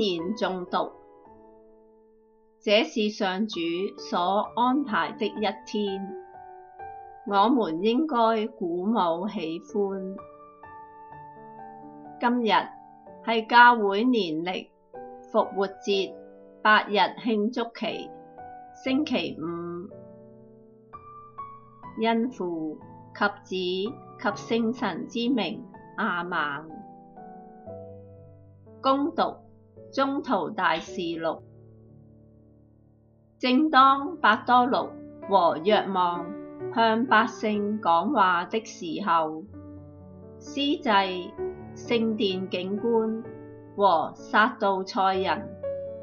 年中毒，這是上主所安排的一天，我們應該鼓舞喜歡。今日係教會年曆復活節八日慶祝期，星期五，因父及子及聖神之名阿孟，恭讀。宗徒大事錄，正當伯多祿和若望向百姓講話的時候，司祭、聖殿警官和撒杜塞人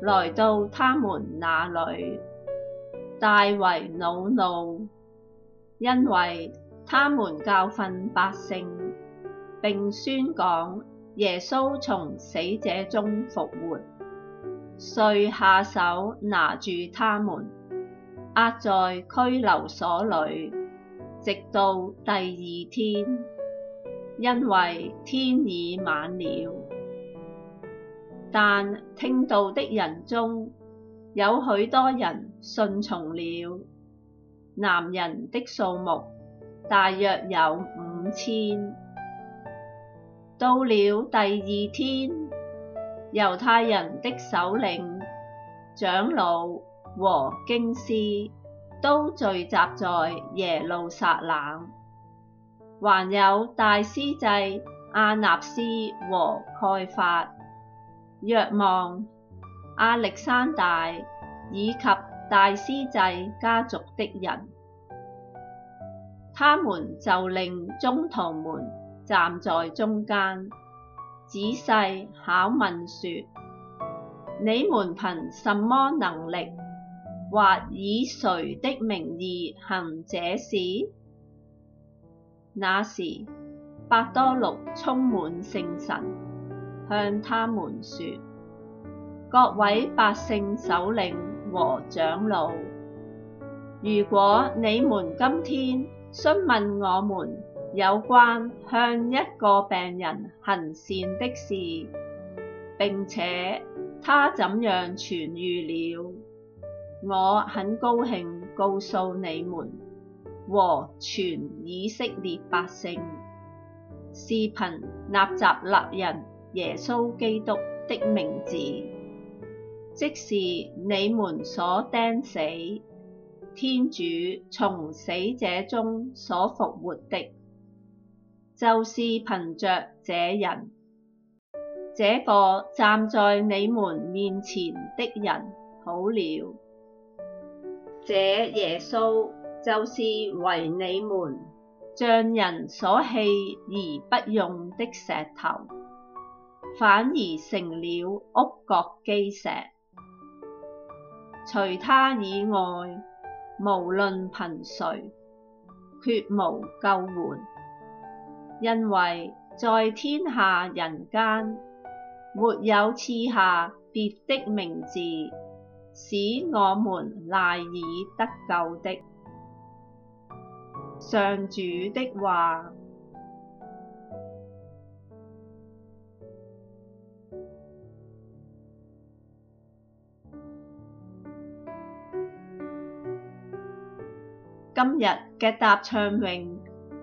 來到他們那裏，大為惱怒，因為他們教訓百姓並宣講耶穌從死者中復活，遂下手拿住他們，押在拘留所裏，直到第二天，因為天已晚了。但聽道的人中有許多人信從了，男人的數目大約有五千。到了第二天，猶太人的首領、長老和經師都聚集在耶路撒冷，還有大司祭亞納斯和蓋法、若望、亞歷山大以及大司祭家族的人，他們就令宗徒們站在中間，仔細考問説：你們憑什麼能力，或以誰的名義行這事？那時，伯多祿充滿聖神，向他們説：各位百姓首領和長老，如果你們今天詢問我們，有關向一個病人行善的事，並且他怎樣痊癒了，我很高興告訴你們和全以色列百姓，是憑納匝肋人耶穌基督的名字，即是你們所釘死，天主從死者中所復活的。就是憑着這人，這個站在你們面前的人，好了。這耶穌就是為你們匠人所棄而不用的石頭，反而成了屋角基石。除他以外，無論憑誰，決無救援。因為在天下人間，沒有賜下別的名字，使我們賴以得救的。上主的話，今日嘅答唱詠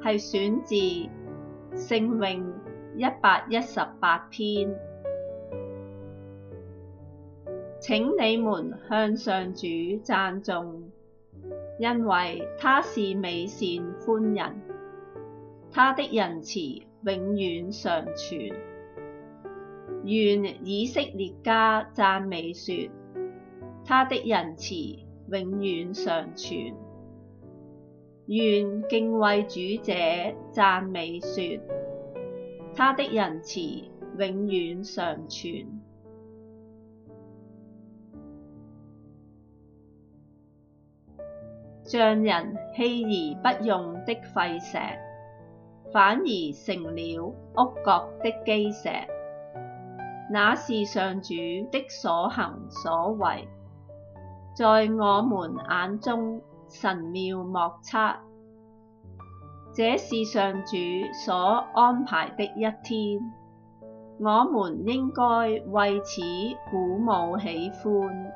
係選自。聖詠一百一十八篇，請你們向上主讚頌，因為他是美善寬仁，他的仁慈永遠常存。願以色列家讚美說，他的仁慈永遠常存。願敬畏主者讚美說，他的仁慈永遠常存。匠人棄而不用的廢石，反而成了屋角的基石，那是上主的所行所為，在我們眼中，神妙莫測，這是上主所安排的一天，我們應該為此鼓舞喜歡。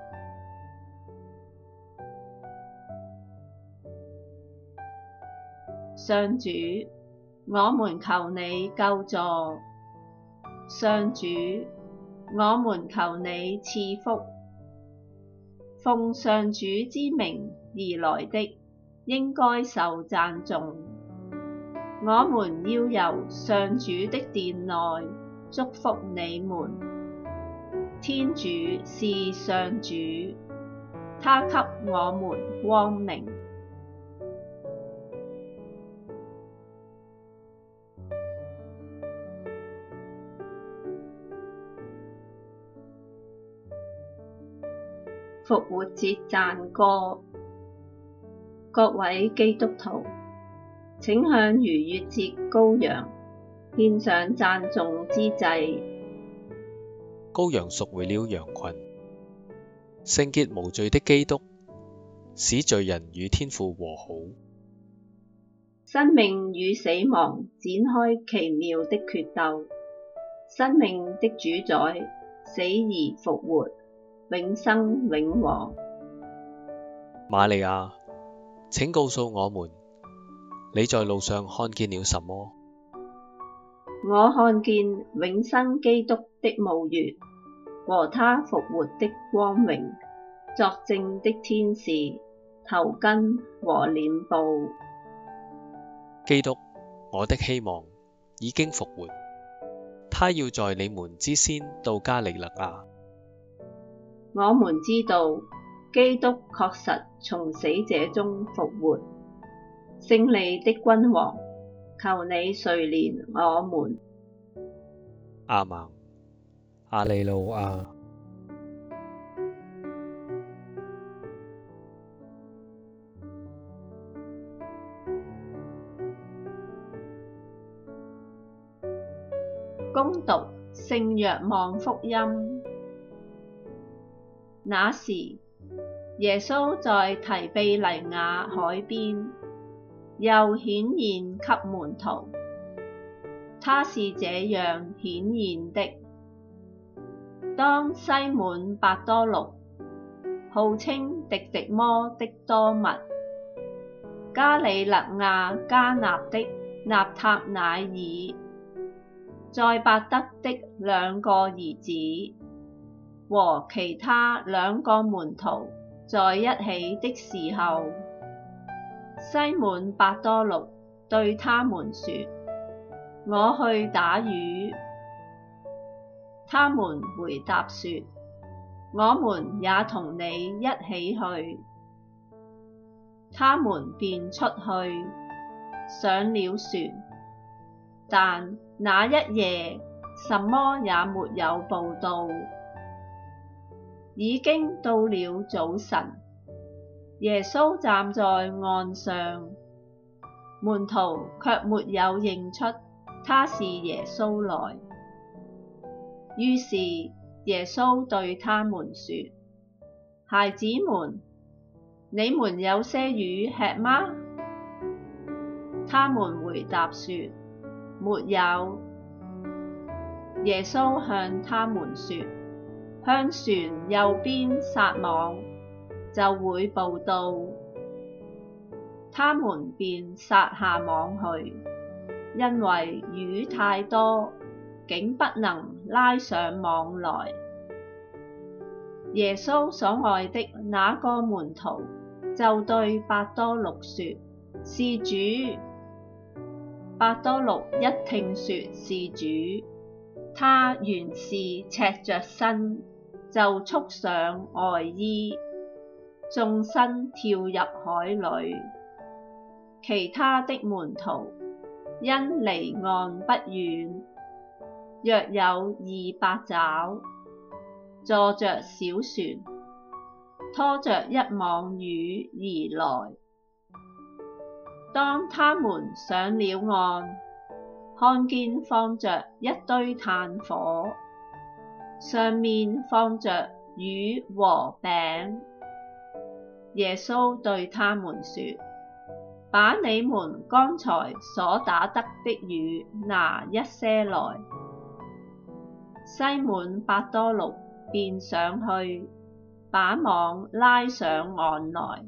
上主，我們求你救助；上主，我們求你賜福。奉上主之名而來的，應該受讚頌。我們要由上主的殿內祝福你們。天主是上主，他給我們光明。復活節讚歌。各位基督徒，請向如月逾越節羔羊獻上讚頌之祭。羔羊贖回了羊群，聖潔無罪的基督使罪人與天父和好。生命與死亡展開奇妙的決鬥，生命的主宰死而復活，永生永王。瑪利亞。請告訴我們，你在路上看見了什麼？我看見永生基督的墓穴和他復活的光榮，作證的天使頭巾和殮布。基督，我的希望已經復活，他要在你們之先到加里肋亞！我們知道。基督確實從死者中復活，勝利的君王，求你垂憐我們。亞孟，亞肋路亞。恭讀聖若望福音，那時。耶穌在提庇黎雅海邊，又顯現給門徒。他是這樣顯現的：當西滿伯多祿，號稱狄狄摩的多默，加里肋亞加納的納塔乃耳，載伯德的兩個兒子，和其他兩個門徒在一起的時候，西滿伯多祿對他們說：「我去打魚。」他們回答說：「我們也同你一起去。」他們便出去，上了船，但那一夜什麼也沒有捕到。已經到了早晨，耶穌站在岸上，門徒卻沒有認出他是耶穌來。於是耶穌對他們說：「孩子們，你們有些魚吃嗎？」他們回答說：「沒有。」耶穌向他們說：向船右邊撒網，就會捕到。他們便撒下網去，因為魚太多，竟不能拉上網來。耶穌所愛的那個門徒就對伯多祿説：「是主。」伯多祿一聽説是主。他原是赤着身，就束上外衣，縱身跳入海裏。其他的門徒，因離岸不遠，約有二百肘，坐着小船，拖着一網魚而來。當他們上了岸，看見放着一堆炭火，上面放着魚和餅。耶穌對他們說：把你們剛才所打得的魚拿一些來。西滿伯多祿便上去，把網拉上岸來，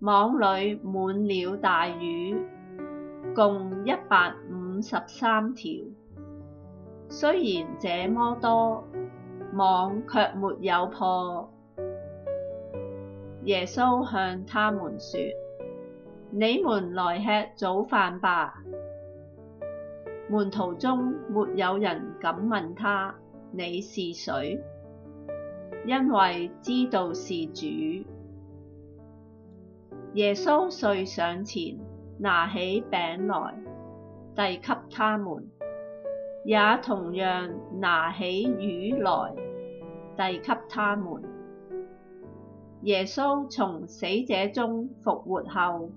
網裏滿了大魚。共一百五十三條，雖然這麼多，網卻沒有破。耶穌向他們說：你們來吃早飯吧。門徒中沒有人敢問他，你是誰，因為知道是主。耶穌遂上前。拿起餅來，遞給他們；也同樣拿起魚來，遞給他們。耶穌從死者中復活後，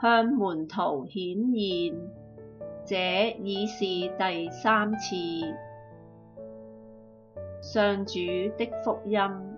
向門徒顯現，這已是第三次。上主的福音。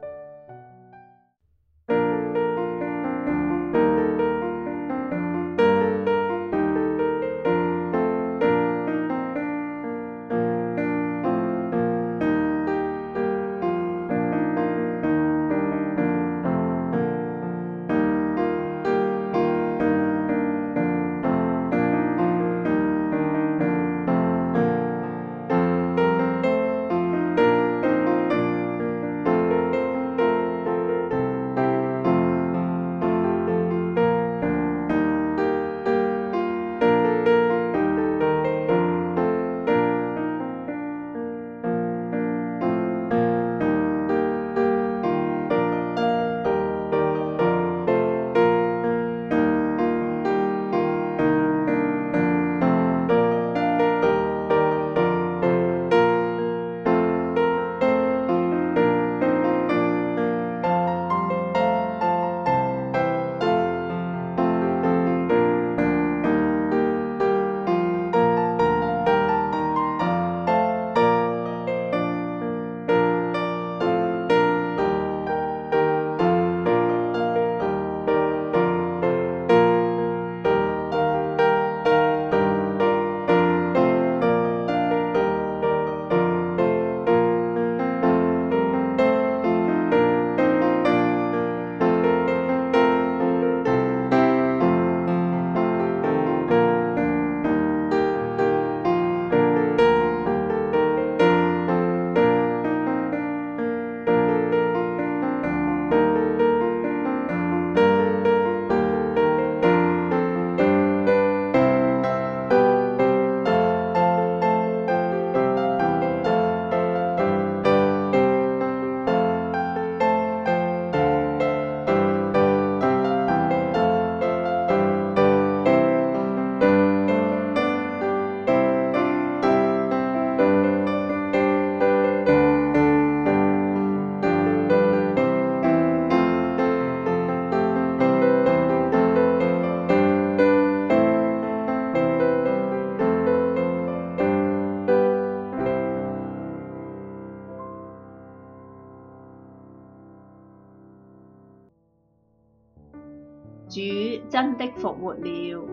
主真的復活了，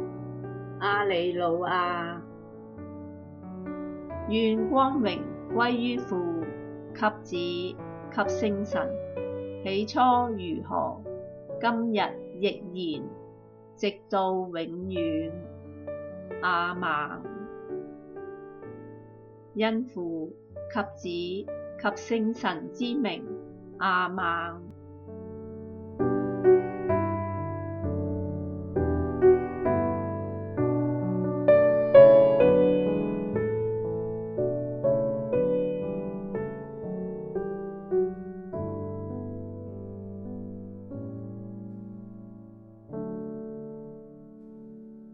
亞肋路亞！願光榮歸於父及子及聖神，起初如何，今日亦然，直到永遠。亞孟，因父及子及聖神之名。亞孟。